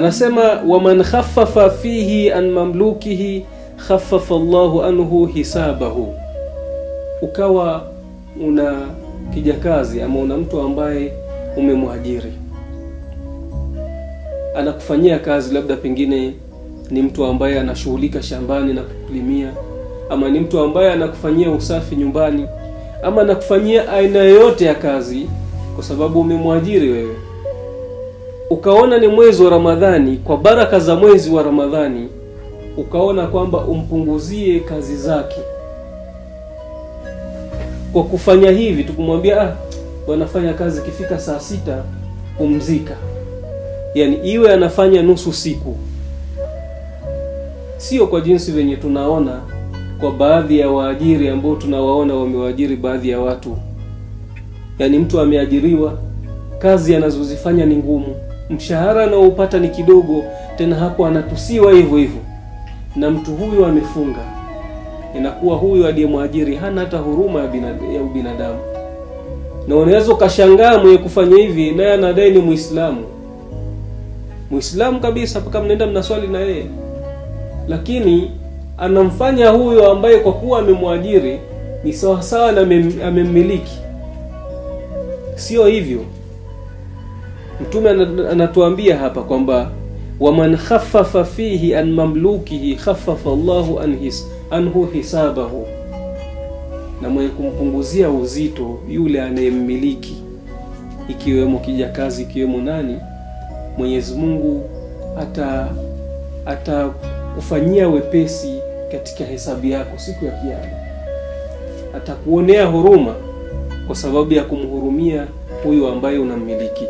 anasema waman khaffafa fihi an mamlukihi khaffafa Allahu anhu hisabahu. Ukawa una kijakazi ama una mtu ambaye umemwajiri anakufanyia kazi, labda pengine ni mtu ambaye anashughulika shambani na kukulimia, ama ni mtu ambaye anakufanyia usafi nyumbani, ama anakufanyia aina yoyote ya kazi, kwa sababu umemwajiri wewe ukaona ni mwezi wa Ramadhani, kwa baraka za mwezi wa Ramadhani ukaona kwamba umpunguzie kazi zake kwa kufanya hivi, tukumwambia ah, wanafanya kazi ikifika saa sita pumzika, yaani iwe anafanya nusu siku, sio kwa jinsi venye tunaona kwa baadhi ya waajiri ambao tunawaona wamewaajiri baadhi ya watu, yaani mtu ameajiriwa kazi anazozifanya ni ngumu mshahara anaoupata ni kidogo, tena hapo anatusiwa hivyo hivyo, na mtu huyu amefunga. Inakuwa huyu aliyemwajiri hana hata huruma ya ubinadamu, na unaweza ukashangaa mwenye kufanya hivi naye anadai ni Muislamu, Muislamu kabisa, mpaka mnaenda mnaswali na yeye, lakini anamfanya huyo ambaye kwa kuwa amemwajiri ni sawasawa na amemmiliki. Sio hivyo. Mtume anatuambia hapa kwamba waman khaffafa fihi an mamlukihi khaffafa llahu an his, anhu hisabahu, na mwenye kumpunguzia uzito yule anayemmiliki, ikiwemo kijakazi, ikiwemo nani, Mwenyezi Mungu atakufanyia ata wepesi katika hesabu yako siku ya Kiyama, atakuonea huruma kwa sababu ya kumhurumia huyo ambaye unammiliki.